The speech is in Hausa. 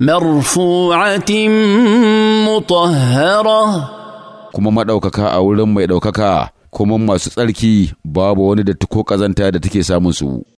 مرفوعة مطهرة kuma maɗaukaka a wurin mai ɗaukaka kuma masu tsarki babu wani datti ko ƙazanta da take samun su.